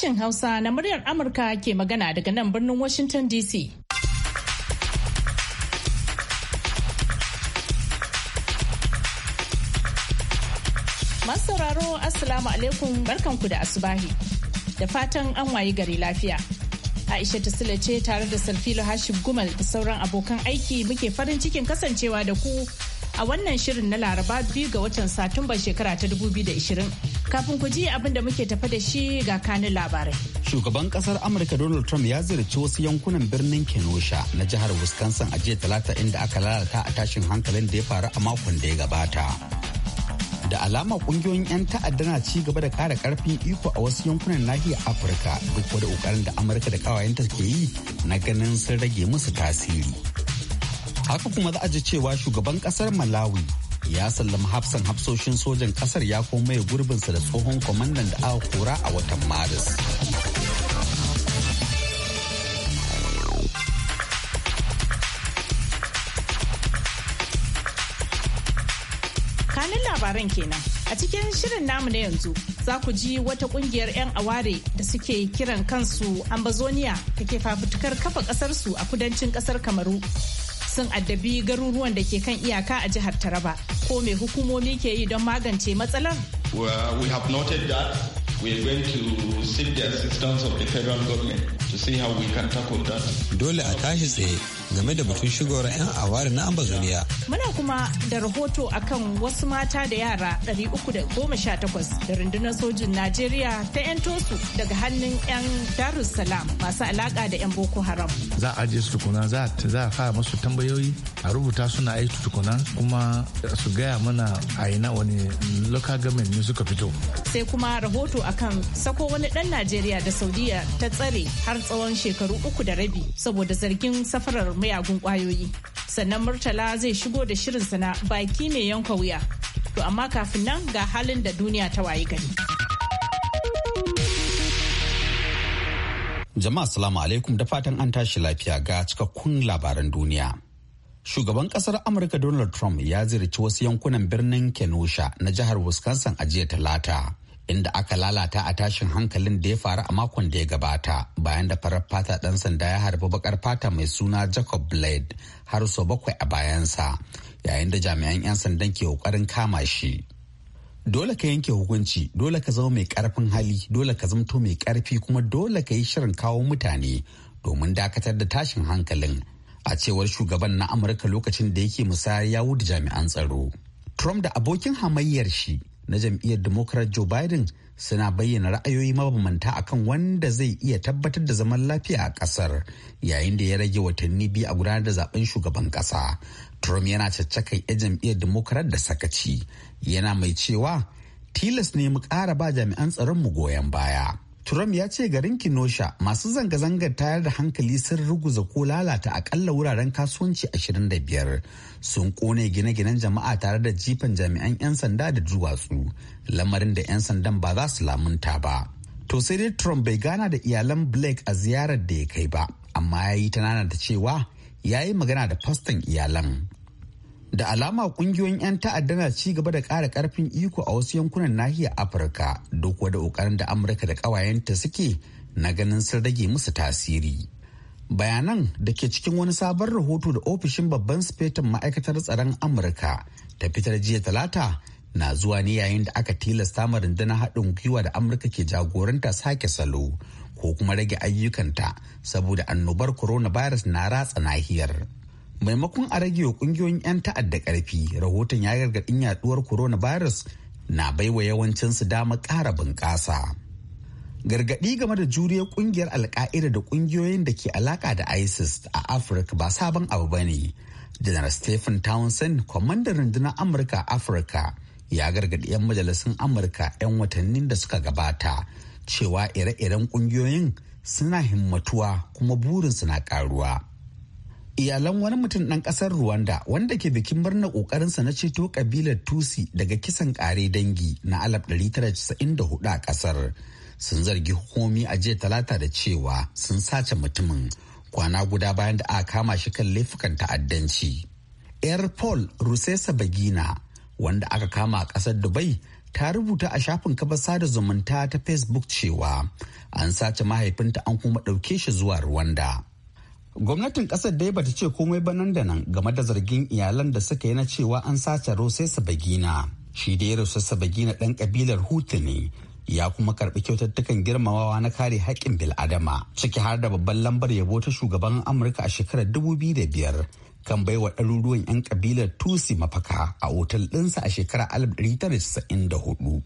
Sashen Hausa na muryar Amurka ke magana daga nan birnin Washington DC. sauraro Assalamu alaikum barkanku da asubahi. Da fatan an wayi gari lafiya. Aisha Sule ce tare da Salfilo Hashim Gumal da sauran abokan aiki muke farin cikin kasancewa da ku a wannan shirin na Laraba biyu ga watan Satumba shekara ta 2020. Kafin ku ji abin da muke tafa da shi ga kanin labarai. Shugaban kasar Amurka Donald Trump ya ziyarci wasu yankunan birnin Kenosha na jihar Wisconsin a jiya talata inda aka lalata a tashin hankalin da ya faru a makon da ya gabata. Da alama kungiyoyin 'yan ta'adda na ci gaba da kara karfin iko a wasu yankunan nahiyar Afirka duk wada kokarin da Amurka da kawayenta ke yi na ganin sun rage musu tasiri. Haka kuma za a ji cewa shugaban kasar Malawi ya sallama hafsan hafsoshin sojan kasar ya koma ya gurbinsa da tsohon kwamandan da aka kora a watan maris kanin labaran kenan a cikin shirin namu na yanzu za ku ji wata kungiyar 'yan aware da suke kiran kansu ambazonia da ke fafutukar kafa kasarsu a kudancin kasar kamaru sun addabi garuruwan da ke kan iyaka a jihar Taraba. Ko me hukumomi ke yi don magance matsalar? We have noted that we are going to seek the assistance of the federal government. to see how we can tackle that. Dole a tashi tsaye game da batun shigowar 'yan awari na Ambazonia. Muna kuma da rahoto akan wasu mata da yara 318 da rundunar sojin Najeriya ta 'yan tosu daga hannun 'yan Darussalam masu alaka da 'yan Boko Haram. Za a ajiye su tukuna za a fara masu tambayoyi a rubuta suna aiki tukuna kuma su gaya mana a ina wani local government ne suka fito. Sai kuma rahoto akan sako wani dan Najeriya da Saudiya ta tsare har zaman tsawon shekaru uku da rabi saboda zargin safarar mayagun kwayoyi sannan murtala zai shigo da shirinsa na baki mai yanka wuya to amma kafin nan ga halin da duniya ta wayi gari jama'a salamu alaikum da fatan an tashi lafiya ga cikakkun labaran duniya shugaban kasar amurka donald trump ya ziyarci wasu yankunan birnin kenosha na jihar wisconsin a jiya talata inda aka lalata a tashin hankalin da ya faru a makon da ya gabata bayan da farar fata ɗan sanda ya harbi bakar fata mai suna jacob blade har sau bakwai a bayansa yayin da jami'an 'yan sandan ke kokarin kama shi dole ka yanke hukunci dole ka zama mai ƙarfin hali dole ka zamto mai ƙarfi kuma dole ka yi shirin kawo mutane domin dakatar da tashin hankalin a cewar shugaban na amurka lokacin da yake musayar ya wuce jami'an tsaro trump da abokin hamayyar shi na jam'iyyar democrat joe biden suna bayyana ra'ayoyi mabambanta akan wanda zai iya tabbatar da zaman lafiya a kasar yayin da ya rage watanni biyu a gudanar da zaben shugaban kasa trump yana caccakan 'yan jam'iyyar democrat da sakaci yana mai cewa tilas ne mu ƙara ba jami'an tsaron mu goyon baya Trump ya ce garin Kinosha masu zanga-zangar tayar da hankali sun ruguza ko lalata akalla wuraren kasuwanci 25 sun kone gine-ginen jama'a tare da jifan jami'an 'yan sanda da duwatsu lamarin da 'yan sandan ba za su lamunta ba. To sai dai Trump bai gana da iyalan Blake a ziyarar da ya kai ba, amma ya yi ta cewa ya yi magana da faston iyalan. da alama kungiyoyin 'yan ta'adda na ci gaba da ƙara ƙarfin iko a wasu yankunan nahiyar afirka duk wada ƙoƙarin da amurka da ƙawayenta suke na ganin sun rage musu tasiri bayanan da ke cikin wani sabon rahoto da ofishin babban sifetin ma'aikatar tsaron amurka ta fitar jiya talata na zuwa ne yayin da aka tilasta ma rundunar haɗin gwiwa da amurka ke jagoranta sake salo ko kuma rage ayyukanta saboda annobar coronavirus na ratsa nahiyar. maimakon a rage wa kungiyoyin 'yan ta'adda ƙarfi rahoton ya gargaɗin yaduwar coronavirus na baiwa yawancin su dama ƙara bunƙasa gargaɗi game da juriyar ƙungiyar alka'ida da ƙungiyoyin da ke alaƙa da isis a afirka ba sabon abu ba ne janar stephen townsend kwamandan rundunar amurka a afirka ya gargaɗi 'yan majalisun amurka 'yan watannin da suka gabata cewa ire-iren ƙungiyoyin suna himmatuwa kuma burinsu na ƙaruwa. iyalan wani mutum ɗan ƙasar Rwanda wanda ke bikin murna sa na ceto ƙabilar Tusi daga kisan ƙare dangi na 1994 a ƙasar. Sun zargi hukumomi a jiya talata da cewa sun sace mutumin kwana guda bayan da aka kama shi kan laifukan ta'addanci. Air Paul Rusesa Bagina wanda aka kama a ƙasar Dubai ta rubuta a shafin kafar sada zumunta ta Facebook cewa an sace mahaifinta an kuma ɗauke shi zuwa Rwanda. gwamnatin kasar dai bata ce komai ba nan da nan game da zargin iyalan da suka yi na cewa an sace rosai sabagina shi da ya rasu sabagina ɗan kabilar hutu ne ya kuma karɓi kyautattukan girmamawa na kare haƙƙin bil'adama ciki har da babban lambar yabo ta shugaban amurka a shekarar biyar kan baiwa ɗaruruwan 'yan ƙabilar tusi mafaka a otal ɗinsa a shekarar 1994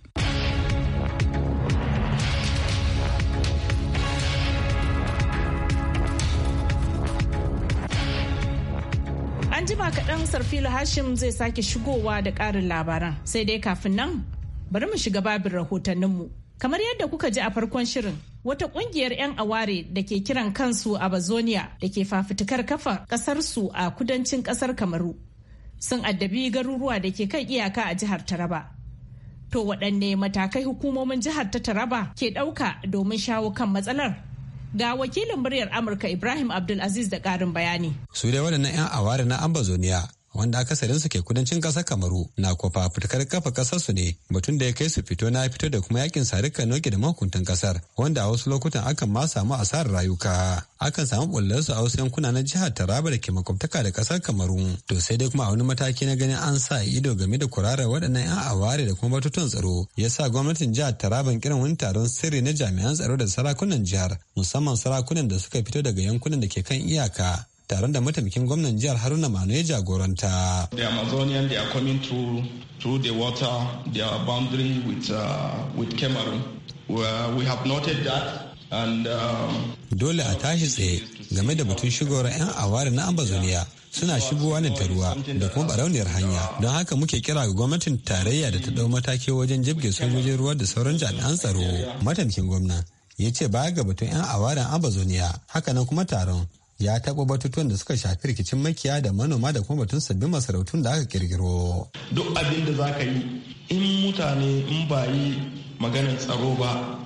An jima kaɗan sarfila Hashim zai sake shigowa da ƙarin labaran. Sai dai kafin nan bari mu shiga babin rahotanninmu. Kamar yadda kuka ji a farkon shirin, wata ƙungiyar 'yan aware da ke kiran kansu a Bazonia da ke fafutukar kafa ƙasarsu a kudancin ƙasar Kamaru sun addabi garuruwa da ke kan iyaka a jihar Taraba. To waɗanne matakai hukumomin jihar ta Taraba ke ɗauka domin shawo kan matsalar? Ga wakilin muryar Amurka Ibrahim Abdulaziz da ƙarin bayani. Su dai waɗannan 'yan awari na ambazoniya wanda akasarin su ke kudancin ƙasar kamaru na kofa fitakar kafa kasar su ne batun da ya kai su fito na fito da kuma yakin sarika noke da mahukuntan ƙasar wanda a wasu lokutan akan ma samu asarar rayuka akan samu bullar su a wasu yankuna na jihar taraba da ke makwabtaka da ƙasar kamaru to sai dai kuma a wani mataki na ganin an sa ido game da kurarar waɗannan 'yan aware da kuma batutun tsaro ya sa gwamnatin jihar taraban kiran wani taron sirri na jami'an tsaro da sarakunan jihar musamman sarakunan da suka fito daga yankunan da ke kan iyaka taron da mataimakin gwamnan jihar haruna manu ya jagoranta the amazonian they are coming through through the water they boundary with uh, with cameroon well, we have noted that um, dole a tashi tsaye game da batun shigowar 'yan awari na ambazonia suna shigowa ne ta ruwa da kuma barauniyar hanya don haka muke kira ga gwamnatin tarayya da ta dau mataki wajen jibge sojojin ruwa da sauran jami'an tsaro mataimakin gwamna ya ce baya ga batun 'yan awarin ambazonia hakanan kuma taron ya taɓa batutuwan da suka shafi rikicin makiya da manoma da kuma batun sabbin masarautun da aka kirkiro. Duk abin da za ka yi in mutane in ba yi maganar tsaro ba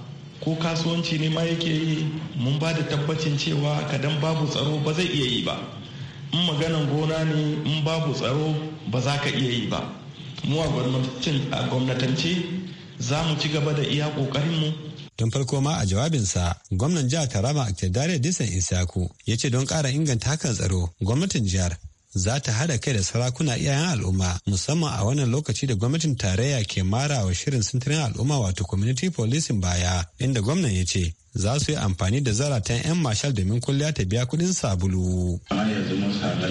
ko kasuwanci ne ma yake yi mun ba da tabbacin cewa kadan babu tsaro ba zai iya yi ba. In maganan gona ne in babu tsaro ba za ka iya yi ba. Mu a gwamnatance za mu ci gaba da iya ƙoƙarinmu Don farko ma a jawabinsa, gwamnan jihar Taraba dariya Disan Isaku ya ce don kara inganta hakan tsaro, gwamnatin jihar za ta haɗa kai da sarakuna iyayen al'umma musamman a wannan lokaci da gwamnatin tarayya ke mara wa shirin sintirin al'umma wato community policing baya inda gwamnan ya ce za su yi amfani da zaratan 'yan mashal domin kulliya ta biya kudin sabulu. Amma yanzu mun samu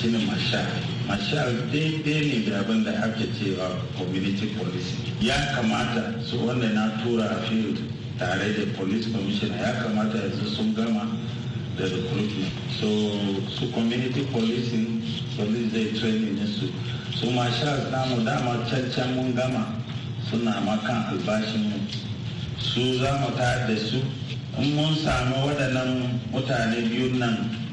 shi ne mashal. Mashal daidai ne da abin da ake cewa community policing. Ya kamata su wanda na tura field tare da police commissioner ya kamata yanzu sun gama da recruitment so su community policing police zai training su su marshals namu dama cancan mun gama suna makan albashin su za mu ta da su in mun samu waɗannan mutane biyun nan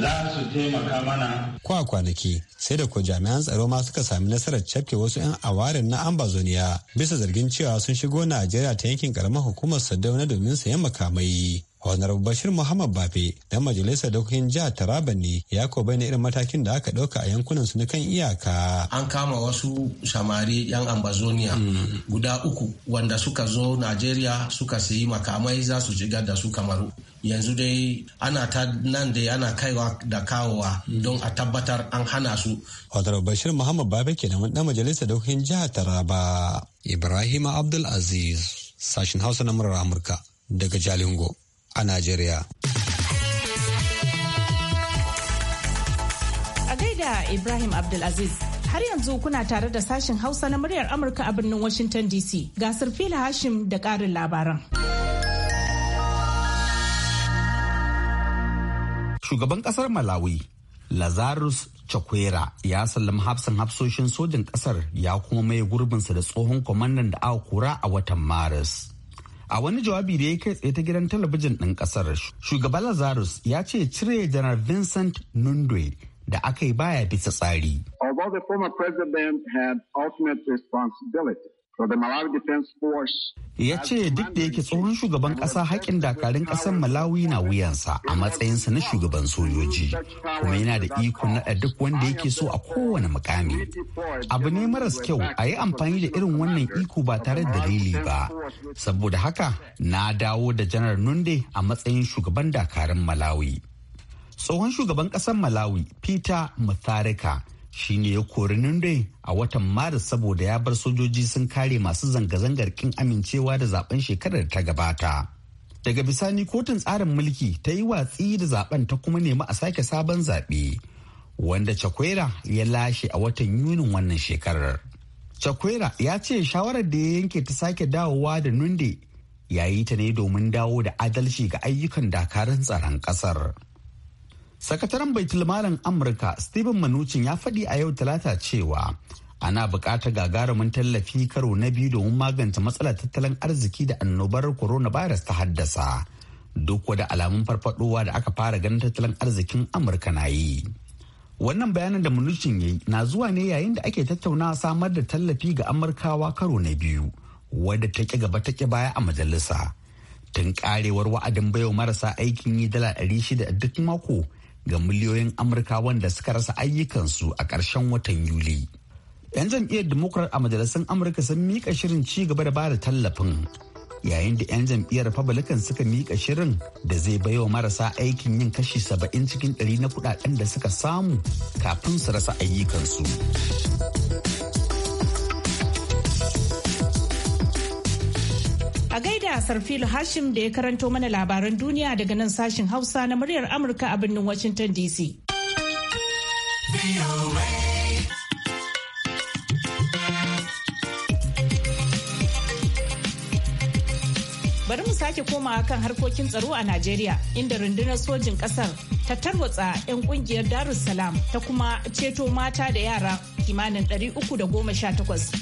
za su taimaka mana. Kwa kwanaki sai da ko jami'an tsaro ma suka sami nasarar cafke wasu 'yan awarin na ambazoniya bisa zargin cewa sun shigo Najeriya ta yankin karamar hukumar na domin sayan makamai. honorable bashir muhammad bafe dan majalisar dokokin jihar taraba ne ya ko bayyana irin matakin da aka ɗauka a yankunan su na kan iyaka an kama wasu samari yan ambazonia mm. guda uku wanda suka zo najeriya suka sayi makamai za su shigar da su kamaru yanzu dai ana ta nan da ana kaiwa da kawowa mm. don a tabbatar an hana su honorable bashir muhammad bafe ke da dan majalisar dokokin jihar taraba ibrahim abdul aziz sashin hausa na murar amurka daga jalingo a Najeriya. A gaida Ibrahim Abdulaziz. Har yanzu kuna tare da sashen Hausa na muryar Amurka a birnin Washington DC. Gasar fila Hashim da ƙarin labaran. Shugaban ƙasar Malawi, Lazarus Chakwera ya sallama hafsan hafsoshin sojin ƙasar ya kuma mai gurbinsa da tsohon kwamandan da aka kura a watan Maris. A wani jawabi da ya kai tsaye ta gidan talabijin ɗin ƙasar, shugaban Lazarus ya ce cire janar Vincent Nundwe da aka yi baya bisa tsari. Although the former president had ultimate responsibility, Ya ce duk da yake tsohon shugaban ƙasa haƙƙin dakarun ƙasar Malawi na wuyansa a matsayinsa na shugaban sojoji, kuma yana da iko na duk wanda yake so a kowane mukami. Abu ne maras kyau a yi amfani da irin wannan iko ba tare da dalili ba. Saboda haka na dawo da janar Nunde a matsayin shugaban dakarun Malawi. Tsohon shugaban ƙasar Malawi, Peter Mutharika, shine ya kori Nunde a watan Maris saboda ya bar sojoji sun kare masu zanga-zangar kin amincewa da zaben shekarar ta gabata. Daga bisani kotun tsarin mulki ta yi watsi da zaben ta kuma nema a sake sabon zaɓe wanda Chakwera ya lashe a watan Yunin wannan shekarar. Chakwera ya ce shawarar da ya yanke ta sake dawowa da Nunde ya yi ta ne domin dawo da adalci ga ayyukan dakarun tsaron ƙasar. Sakataren Baitul Malam Amurka Stephen manuchin ya faɗi a yau talata cewa ana buƙatar gagarumin tallafi karo na biyu domin magance matsalar tattalin arziki da annobar coronavirus ta haddasa. Duk wada alamun farfadowa da aka fara ganin tattalin arzikin Amurka na yi. Wannan bayanin da manuchin ya yi na zuwa ne yayin da ake tattaunawa samar da tallafi ga Amurkawa karo na biyu, wadda ta ƙi gaba ta ƙi baya a majalisa. Tun karewar wa'adin bayo marasa aikin yi dala 600 duk mako ga miliyoyin amurka wanda suka rasa ayyukansu a ƙarshen watan yuli yan jam'iyyar demokrat a majalisun amurka sun mika shirin ci gaba da bada tallafin yayin da yan jam'iyyar republican suka mika shirin da zai bai wa marasa aikin yin kashi saba'in cikin ɗari na kudaden da suka samu kafin su rasa ayyukansu. A gaida Sarfilu Hashim da ya karanto mana labaran duniya daga nan sashin Hausa na muryar Amurka a birnin Washington DC. bari mu sake komawa kan harkokin tsaro a Najeriya inda rundunar sojin kasar ta tarwatsa 'yan kungiyar Darussalam ta kuma ceto mata da yara kimanin 318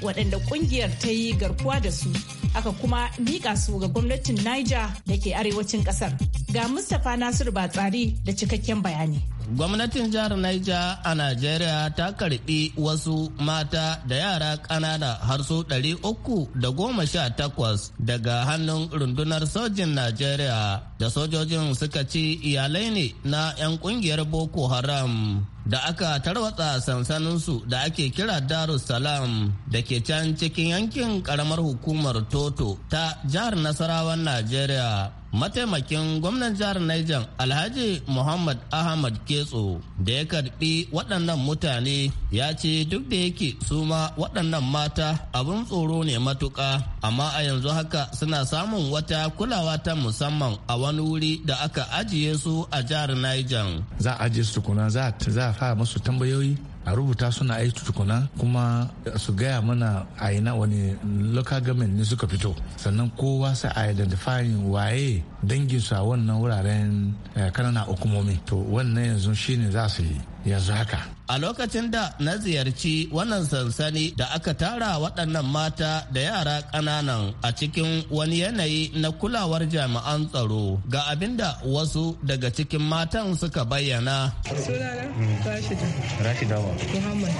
waɗanda kungiyar ta yi garkuwa da su aka kuma miƙa su ga gwamnatin Niger da ke arewacin kasar. Ga Mustapha Nasiru Batsari da cikakken bayani. Gwamnatin jihar Niger a Najeriya ta karbi wasu mata da yara ƙanana har su ɗari uku da goma sha takwas daga hannun rundunar sojin Najeriya da sojojin suka ci iyalai ne na 'yan ƙungiyar Boko Haram. da aka tarwatsa sansaninsu da ake kira darussalam da ke can cikin yankin karamar hukumar toto ta jihar nasarawan najeriya mataimakin gwamnan jihar niger alhaji muhammad ahmad ketso da ya karbi waɗannan mutane ya ce duk da yake su ma waɗannan mata abin tsoro ne matuƙa amma a yanzu haka suna samun wata kulawa ta musamman a wani wuri da aka ajiye su a jihar niger za a ajiye su tukuna za a fara masu tambayoyi a rubuta suna aiki tukuna kuma su gaya mana a ina wani local government ne suka fito sannan kowa sai a identifying waye dangin su a wannan wuraren kanana eh, hukumomi to wannan yanzu shine za su yi yanzu haka. A lokacin da na ziyarci wannan sansani da aka tara waɗannan mata da yara ƙananan a cikin wani yanayi na kulawar jami'an tsaro ga abinda wasu daga cikin matan suka bayyana. Sunana Rashida. Rashida wa. Muhammad.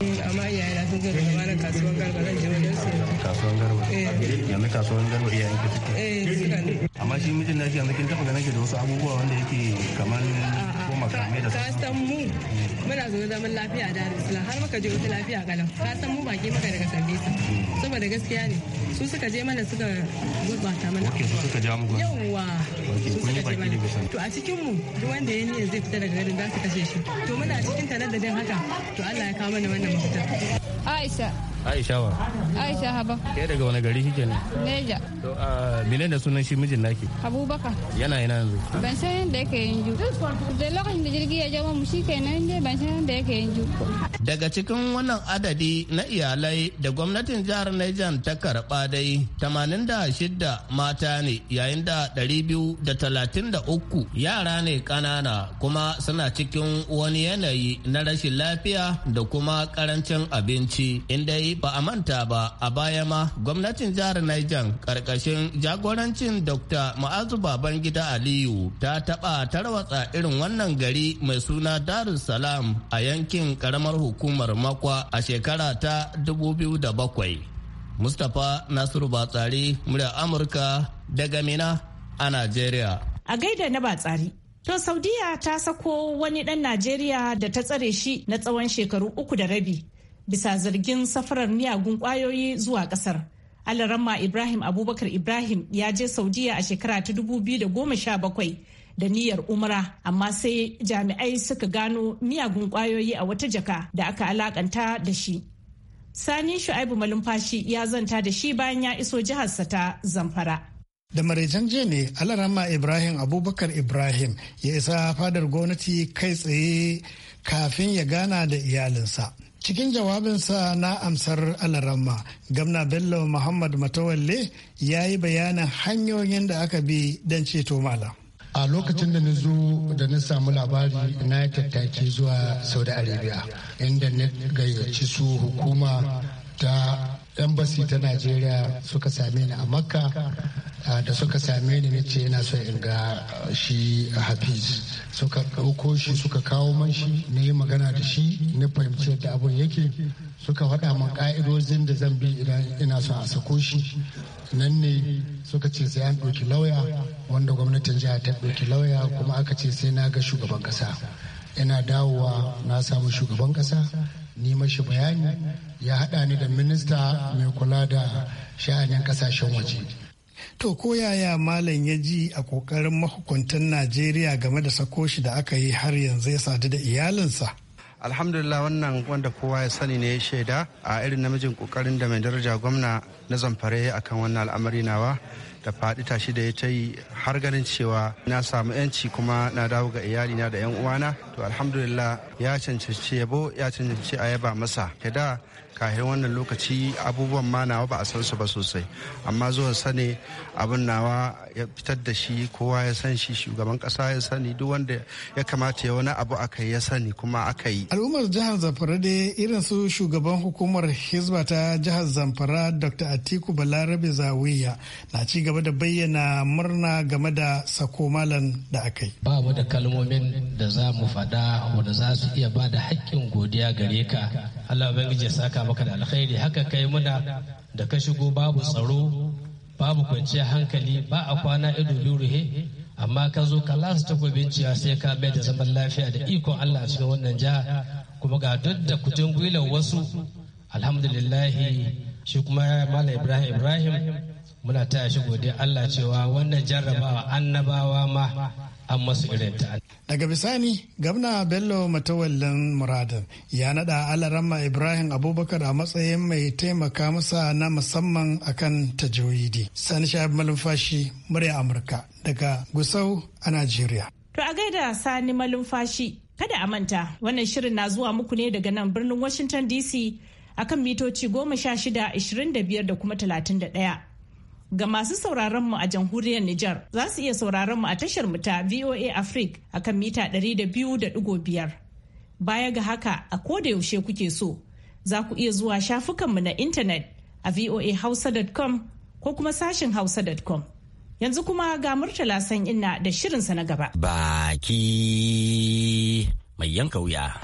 Amma iyayena sun zo daga mana kasuwan garba zan je wajen su. Kasuwan garba. Eh. Yanzu kasuwan garba iyayen ki suke. Eh, suka ne. Amma shi mijin na shi yanzu kin taɓa ganin shi da wasu abubuwa wanda yake kamar ka san mu muna zo zaman lafiya da Islam har muka je wata lafiya kalam ka san mu baki muka daga Sambisa saboda gaskiya ne su suka je mana suka gurbata mana su suka ja muku yawa su suka je mana to a cikin mu duk wanda ya niyya zai fita daga garin za su kashe shi to muna cikin tanar da din haka to Allah ya kawo mana wannan mafita Aisha Aisha ba. Aisha haba. Ke daga wani gari shi kenan? Neja. To a da sunan shi mijin naki? Abubakar. Yana yana yanzu. Ban san yadda yake yanzu. Da lokacin da jirgi ya je mu shi kenan ne ban san yadda yake yanzu. Daga cikin wannan adadi na iyalai da gwamnatin jihar Niger ta karɓa dai 86 mata ne yayin da 233 yara ne ƙanana kuma suna cikin wani yanayi na rashin lafiya da kuma ƙarancin abinci inda ba a manta ba a baya ma gwamnatin jihar Niger ƙarƙashin jagorancin Dr. Ma'azu Babangida Aliyu ta taɓa tarwatsa irin wannan gari mai suna Darussalam a yankin ƙaramar hukumar makwa a shekara ta 2007 mustapha nasiru batsari murya amurka daga mina a najeriya a gaida na batsari To Saudiya ta sako wani ɗan Najeriya da ta tsare shi na tsawon shekaru uku da rabi bisa zargin safarar miyagun ƙwayoyi zuwa ƙasar. Alaramma Ibrahim Abubakar Ibrahim ya je Saudiya a shekara ta 2017 da niyyar umra amma sai jami'ai suka gano miyagun kwayoyi a wata jaka da aka alakanta da shi sani shu'aibu malumfashi ya zanta da shi bayan ya iso jiharsa ta zamfara da maraicen jiya ne alarama ibrahim abubakar ibrahim ya isa fadar gwamnati kai tsaye kafin ya gana da iyalinsa cikin jawabinsa na amsar alarama gamna bello muhammad matawalle ya yi bayanin hanyoyin da aka bi don ceto malam a lokacin da na zo da na samu labari na tattaki zuwa saudi arabia inda na gayyaci su hukuma ta embassy ta najeriya suka same ni a makka da suka same ni na ce yana so in ga shi hafiz suka ɗauko shi suka kawo man shi na yi magana da shi na fahimci yadda abin yake suka faɗa man ƙa'idojin da zan bi idan ina son a sako shi nan ne suka ce sai an ɗauki lauya wanda gwamnatin jiha ta ɗauki lauya kuma aka ce sai na ga shugaban ƙasa ina dawowa na samu shugaban ƙasa ni mashi bayani ya haɗa ni da minista mai kula da sha'anin ƙasashen waje To ko yaya malam ya ji a kokarin mahukuntan Najeriya game da sako shi da aka yi har yanzu ya sadu da iyalinsa? alhamdulillah wannan wanda kowa ya sani ne ya shaida a irin namijin kokarin da mai daraja gwamna na zamfare kan wannan al'amari nawa da faɗi tashi da ya ta yi har ganin cewa na samu yanci kuma na dawo ga iyalina da yan uwana to alhamdulillah ya cancanci yabo ya cancanci a yaba masa da kahin wannan lokaci abubuwan ma nawa ba a san su ba sosai amma zuwa sani abin nawa ya fitar da shi kowa ya san shi shugaban kasa ya sani duk wanda ya kamata ya wani abu aka ya sani kuma aka yi al'ummar jihar zamfara dai irin su shugaban hukumar hizba ta jihar zamfara dr atiku balarabe zawiya na ci gaba da bayyana murna game da sako malam da aka yi ba da kalmomin da za mu faɗa wanda za su iya ba da haƙƙin godiya gare ka allah ya saka maka da alkhairi haka kai muna da ka shigo babu tsaro babu kwanciyar hankali ba a kwana ido luruhe ruhe amma ka zo ka lasa takobin ciya sai ka bai da zaman lafiya da ikon Allah a cikin wannan jiha kuma ga duk da kutun gwilar wasu alhamdulillahi shi kuma mala ibrahim ibrahim muna ta shi godiya Allah cewa wannan jarrabawa annabawa ma an masu irin Daga bisani, Gabna Bello Matawallin Muradin ya nada Alarama Ibrahim Abubakar a matsayin mai taimaka masa na musamman akan tajoyidi. Sani Shahab Malumfashi, murya Amurka daga Gusau a Najeriya. To a gaida Sani Malumfashi, kada a manta wannan shirin na zuwa muku ne daga nan birnin Washington DC akan mitoci goma sha shida, da da kuma talatin da ɗaya. Ga masu sauraron mu a jamhuriyar Nijar za su iya sauraron mu a tashar mu ta VOA Africa a kan mita 200.5. Baya ga haka a koda yaushe kuke so za ku iya zuwa shafukan mu na intanet a voahausa.com ko kuma sashin hausa.com. Yanzu kuma ga Murtala san inna da shirinsa na gaba. Baki mai yanka wuya.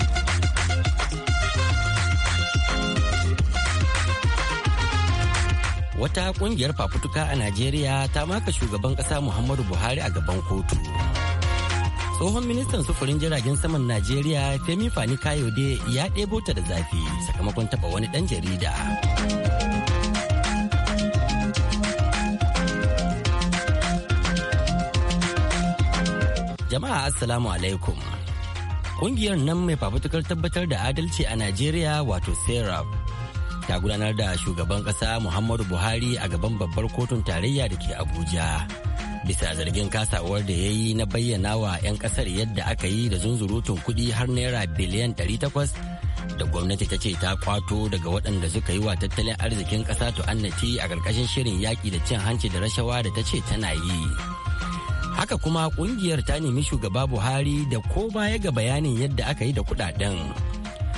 wata kungiyar fafutuka a najeriya ta maka shugaban kasa muhammadu buhari a gaban kotu tsohon ministan sufurin jiragen saman najeriya femi fani kayode ya ɗebo ta da zafi sakamakon taba wani ɗan jarida jama'a assalamu alaikum ƙungiyar nan mai fafutukar tabbatar da adalci a najeriya wato serap ta gudanar da shugaban kasa muhammadu buhari a gaban babbar kotun tarayya da ke abuja bisa zargin kasawar da ya yi na bayyana wa 'yan kasar yadda aka yi da zunzurutun kuɗi har naira biliyan 800 da gwamnati ta ce ta kwato daga waɗanda suka yi wa tattalin arzikin ƙasa to annati a ƙarƙashin shirin yaƙi da cin hanci da rashawa da ta ce tana yi haka kuma ƙungiyar ta nemi shugaba buhari da ko baya ga bayanin yadda aka yi da kuɗaɗen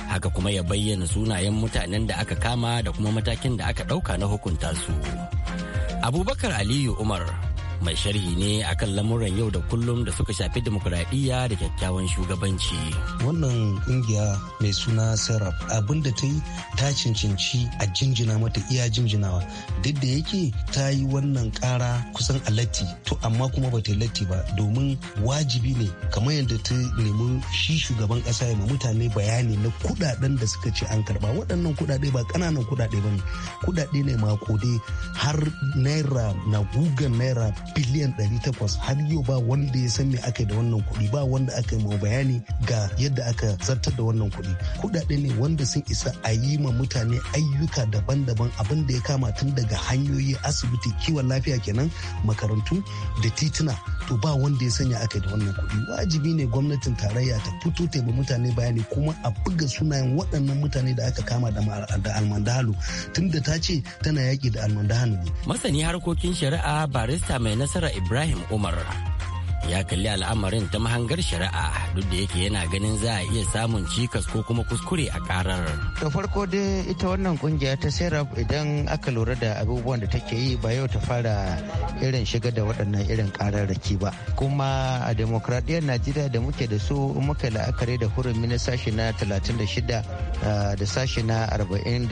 haka kuma ya bayyana sunayen mutanen da aka kama da kuma matakin da aka ɗauka na hukunta su abubakar aliyu umar mai sharhi ne akan lamuran yau da kullum da suka shafi demokuraɗiyya da kyakkyawan shugabanci. Wannan ƙungiya mai suna Serap abin da ta yi ta cincinci a jinjina mata iya jinjinawa duk da yake ta yi wannan ƙara kusan a latti to amma kuma ba ta latti ba domin wajibi ne kamar yadda ta nemi shi shugaban ƙasa ya mutane bayani na kuɗaɗen da suka ce an karɓa waɗannan kuɗaɗe ba ƙananan kuɗaɗe ba ne kuɗaɗe ne dai har naira na gugan naira biliyan 800 har yau ba wanda ya san me aka da wannan kuɗi ba wanda aka yi ma bayani ga yadda aka zartar da wannan kuɗi kuɗaɗe ne wanda sun isa a yi ma mutane ayyuka daban-daban abin da ya kama tun daga hanyoyi asibiti kiwon lafiya kenan makarantu da tituna to ba wanda ya sanya aka da wannan kuɗi wajibi ne gwamnatin tarayya ta fito ta yi mutane bayani kuma a buga sunayen waɗannan mutane da aka kama da almandahalu da ta ce tana yaƙi da almandahalu ne masani harkokin shari'a barista mai نسر إبراهيم أمر ya kalli al'amarin ta mahangar shari'a duk da yake yana ganin za a iya samun cikas ko kuma kuskure a karar. Da farko dai ita wannan kungiya ta serap idan aka lura da abubuwan da take yi ba yau ta fara irin shiga da waɗannan irin kararraki ba. Kuma a demokradiyyar Najeriya da muke da su muka la'akari da hurin mini sashi na 36 ah, da sashi na 45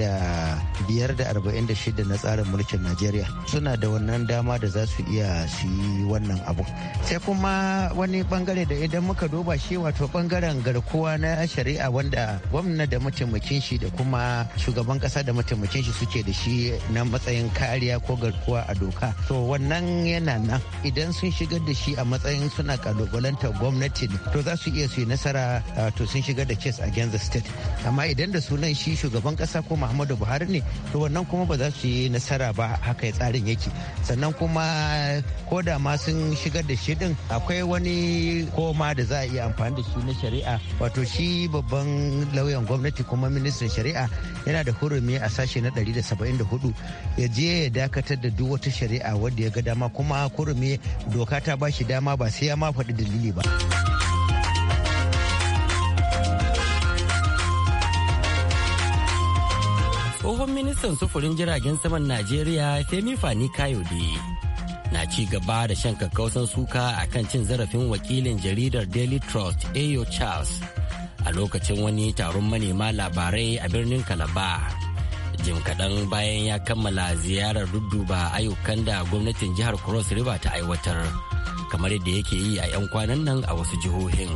da 46 na tsarin mulkin Najeriya suna da wannan dama da za su iya su yi wannan abu. Sai kuma kuma wani bangare da idan muka duba shi wato bangaren garkuwa na shari'a wanda gwamna da mataimakin shi da kuma shugaban kasa da mataimakin shi suke da shi na matsayin kariya ko garkuwa a doka to wannan yana nan idan sun shigar da shi a matsayin suna kalubalantar gwamnati to za su iya su yi nasara to sun shigar da case against the state amma idan da sunan shi shugaban kasa ko muhammadu buhari ne to wannan kuma ba za su yi nasara ba haka ya tsarin yake sannan kuma ko da ma sun shigar da shi din akwai wani koma da za a iya amfani da shi na shari'a wato shi babban lauyan gwamnati kuma ministan shari'a yana da hurumi a sashe na 174 ya je ya dakatar da duk wata shari'a wadda ya ga dama kuma hurumi doka ta ba shi dama ba sai ya ma faɗi dalili ba. tsohon ministan sufurin jiragen saman najeriya femi fani kayode na ci gaba da shan kakkausan suka a kan cin zarafin wakilin jaridar daily trust ayo charles a lokacin wani taron manema labarai a birnin kalaba jim kaɗan bayan ya kammala ziyarar dudduba ayyukan da gwamnatin jihar cross river ta aiwatar kamar yadda yake yi a 'yan kwanan nan a wasu jihohin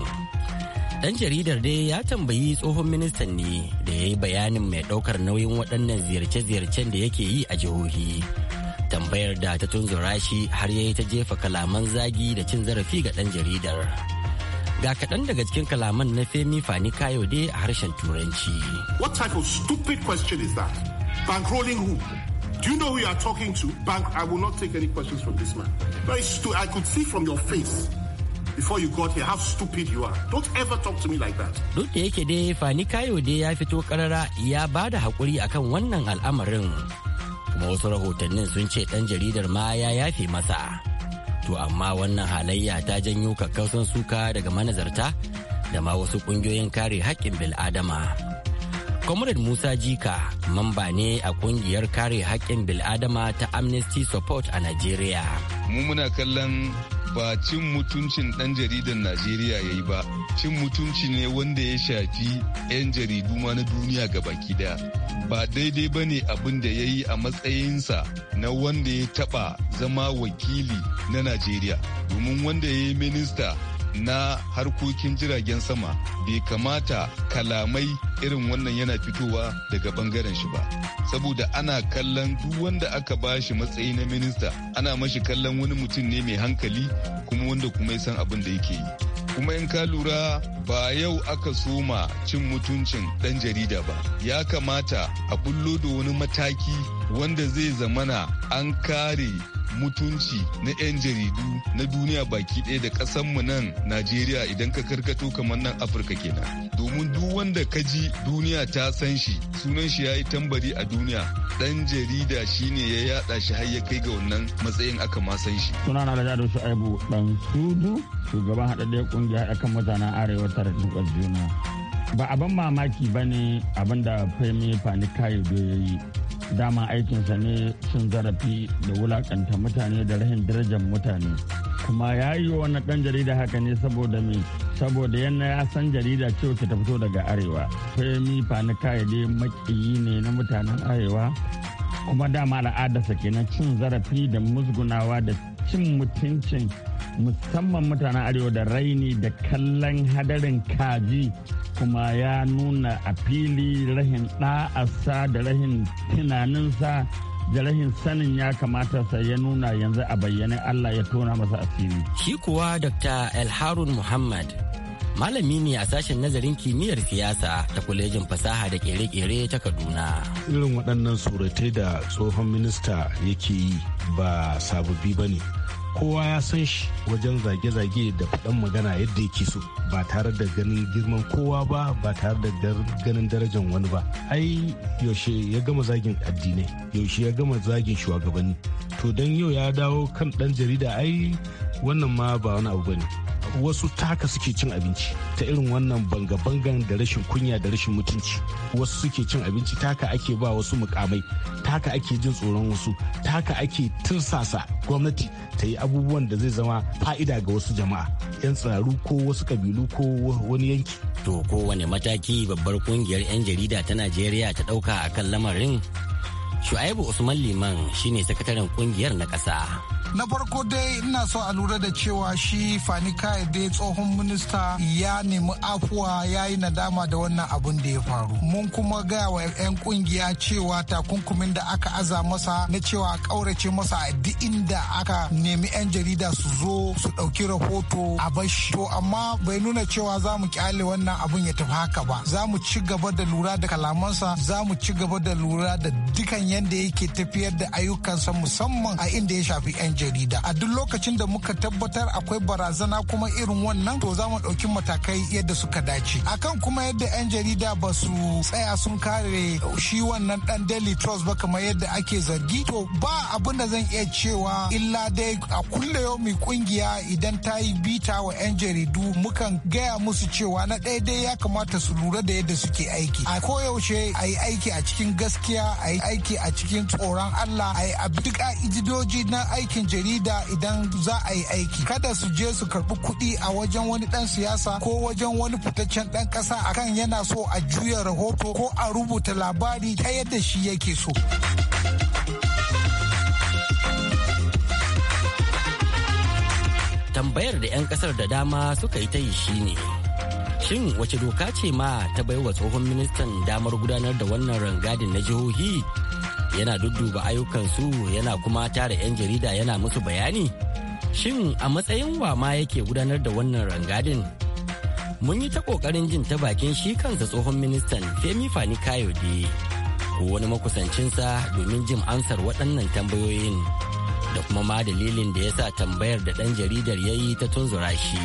dan jaridar dai ya tambayi tsohon ministan ne da ya yi bayanin mai ɗaukar nauyin waɗannan ziyarce-ziyarcen da yake yi a jihohi tambayar da ta tunzura shi har yayi ta jefa kalaman zagi da cin zarafi ga ɗan jaridar ga kaɗan daga cikin kalaman na femi fani Kayo dai a harshen turanci what type of stupid question is that bankrolling who Do you know who you are talking to? Bank, I will not take any questions from this man. Very stupid. I could see from your face before you got here how stupid you are. Don't ever talk to me like that. Duk da yake dai Fani Kayode ya fito karara ya ba da haƙuri akan wannan al'amarin. kuma wasu rahotannin sun ce ɗan jaridar ma ya yafe masa to amma wannan halayya ta janyo kakkausan suka daga manazarta da ma wasu ƙungiyoyin kare haƙƙin bil'adama comrade musa jika mamba ne a ƙungiyar kare haƙƙin bil'adama ta amnesty support a Najeriya. mu muna kallon ba cin mutuncin ɗan jaridan Najeriya ya yi ba, cin mutunci ne wanda ya shafi 'yan jaridu ma na duniya ga baki daya. Ba daidai ba ne abin da ya yi a matsayinsa na wanda ya taɓa zama wakili na Najeriya, domin wanda ya yi minista na harkokin jiragen sama bai kamata kalamai irin wannan yana fitowa daga bangaren shi ba saboda ana kallon duk wanda aka bashi matsayi na minista ana mashi kallon wani mutum ne mai hankali kuma wanda kuma ya san abin da yake yi kuma in ka lura ba yau aka soma cin mutuncin ɗan jarida ba ya kamata a bullo da wani mataki wanda zai zamana an kare mutunci na 'yan jaridu na duniya baki ɗaya da ƙasanmu nan najeriya idan ka karkato kamar nan afirka kenan domin duk wanda ka ji duniya ta san shi sunan shi ya yi tambari a duniya dan jarida shine ya yaɗa shi har ya kai ga wannan matsayin aka ma san shi sunana da jadon shu'aibu dan sudu shugaban haɗaɗɗen ƙungiyar kan mutanen arewa kasarar duk juna ba abin mamaki ba ne abin da femi fani kayo ya yi dama aikinsa ne sun zarafi da wulakanta mutane da rahin darajar mutane kuma ya yi wani ɗan jarida haka ne saboda mai saboda yana ya san jarida cewa ta fito daga arewa femi fani kayo dai makiyi ne na mutanen arewa kuma dama al'adarsa kenan cin zarafi da musgunawa da cin mutuncin musamman mutanen arewa da raini da kallon hadarin kaji kuma ya nuna a fili rahin ɗa'asa da rahin tunaninsa da rahin sanin ya kamata sai ya nuna yanzu a bayyane Allah ya tona masa asiri. Shi kuwa Dr. Elharun Muhammad malami ne a sashen nazarin kimiyyar siyasa ta kwalejin fasaha da kere-kere ta kaduna irin waɗannan suratai da tsohon minista yake yi ba sababbi ba ne kowa ya san shi wajen zage-zage da faɗan magana yadda yake so ba tare da ganin girman kowa ba ba tare da ganin darajar wani ba ai yaushe ya gama zagin addinai yaushe ya gama zagin shugabanni to don yau ya dawo kan ɗan jarida ai wannan ma ba wani abu bane wasu taka suke cin abinci ta irin wannan banga-bangan da rashin kunya da rashin mutunci wasu suke cin abinci taka ake ba wasu mukamai taka ake jin tsoron wasu taka ake tirsasa gwamnati ta yi abubuwan da zai zama fa'ida ga wasu jama'a yan tsaru ko wasu kabilu ko wani yanki to kowane mataki babbar kungiyar 'yan jarida ta najeriya ta dauka akan lamarin shu'aibu usman liman shine sakataren kungiyar na ƙasa na farko dai ina so a lura da cewa shi fani dai tsohon minista ya nemi afuwa ya yi nadama da wannan abun da ya faru mun kuma gaya wa 'yan kungiya cewa takunkumin da aka aza masa na cewa kaurace masa a duk inda aka nemi 'yan jarida su zo su ɗauki rahoto a bashi to amma bai nuna cewa za mu kyale wannan abun ya tafi haka ba za mu ci gaba da lura da kalamansa za mu ci gaba da lura da dukan yadda yake tafiyar da ayyukansa musamman a inda ya shafi 'yan jarida a duk lokacin da muka tabbatar akwai barazana kuma irin wannan to za mu ɗauki matakai yadda suka dace akan kuma yadda 'yan jarida ba su tsaya sun kare shi wannan dan daily trust ba kamar yadda ake zargi to ba abin da zan iya cewa illa dai a kulle yau mai kungiya idan ta yi bita wa 'yan jaridu mukan gaya musu cewa na ɗaya dai ya kamata su lura da yadda suke aiki a koyaushe a yi aiki a cikin gaskiya a yi aiki a cikin tsoron allah a yi duk a ijidoji na aikin jarida idan za a yi aiki kada su je su karbi kuɗi a wajen wani ɗan siyasa ko wajen wani fitaccen ɗan ƙasa akan yana so a juya rahoto ko a rubuta labari ta yadda shi yake so. tambayar da 'yan kasar da dama suka yi ta yi shine shin wace doka ce ma ta baiwa tsohon ministan damar gudanar da wannan rangadin na jihohi yana dudduba ayyukansu yana kuma tara 'yan jarida yana musu bayani shin a matsayin wa ma yake gudanar da wannan rangadin mun yi ta kokarin jin ta bakin shi kansa tsohon ministan femi fani kayode ko wani makusancinsa domin jin ansar waɗannan tambayoyin da kuma ma dalilin da ya sa tambayar da ɗan jaridar ya yi ta tunzura shi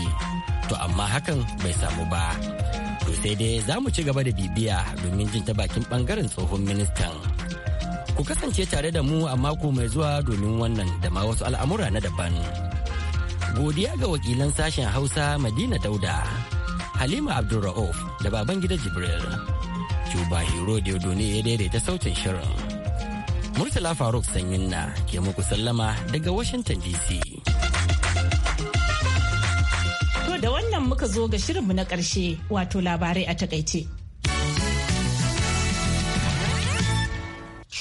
to amma hakan bai samu ba to sai dai za mu ci gaba da bibiya domin jin ta bakin ɓangaren tsohon ministan. Ku kasance tare da mu a mako mai zuwa domin wannan da ma wasu al'amura na daban. Godiya ga wakilan sashen Hausa Madina Dauda, Halima Abdulra'uf da Babangida Jibril. Cuba Hero Diodone ya daidaita sautin shirin. Murtala Faruk Sanyin na ke muku sallama daga Washington DC. To da wannan muka zo ga shirinmu na ƙarshe wato labarai a takaice.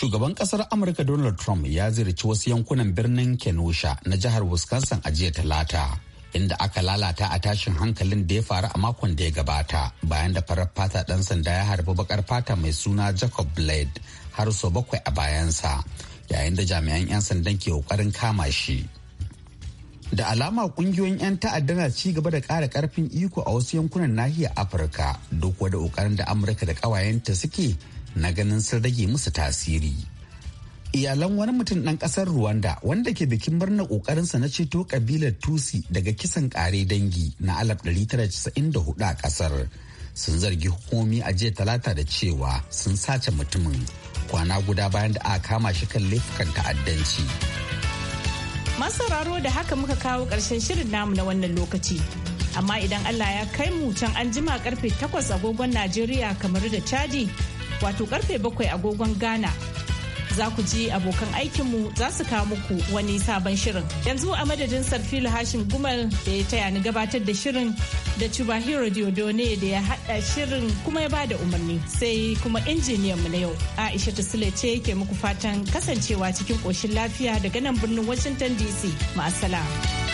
Shugaban kasar Amurka Donald Trump ya ziyarci wasu yankunan birnin Kenosha na jihar Wisconsin a jiya Talata, inda aka lalata a tashin hankalin da ya faru a makon da ya gabata bayan da farar fata ɗan sanda ya harbi bakar fata mai suna Jacob Blade har so bakwai a bayansa, yayin da jami'an 'yan sandan ke ƙoƙarin kama shi. da alama ƙungiyoyin 'yan ta'adda na ci gaba da ƙara ƙarfin iko a wasu yankunan nahiyar afirka duk wada ƙoƙarin da amurka da ƙawayenta suke na ganin sun rage musu tasiri. Iyalan wani mutum ɗan ƙasar Rwanda wanda ke bikin murnar ƙoƙarinsa na ceto ƙabilar Tusi daga kisan ƙare dangi na ɗari tara da 1994 a ƙasar sun zargi hukumomi a jiya talata da cewa sun sace mutumin kwana guda bayan da aka kama shi kan laifukan ta'addanci. sauraro da haka muka kawo ƙarshen shirin namu na wannan lokaci. Amma idan Allah ya kai mu can an jima karfe 8 agogon Najeriya kamar da Chadi. wato karfe bakwai agogon Ghana. Za ku ji abokan aikinmu za su kawo muku wani sabon shirin. Yanzu a madadin Sarfilu Hashim gumar da ya taya ni gabatar da shirin da Diodo Diodone da ya hada shirin kuma ya bada umarni sai kuma injiniyan mu na yau. Aisha Sule ce ke muku fatan kasancewa cikin koshin lafiya daga nan birnin Washington DC. Ma'asala.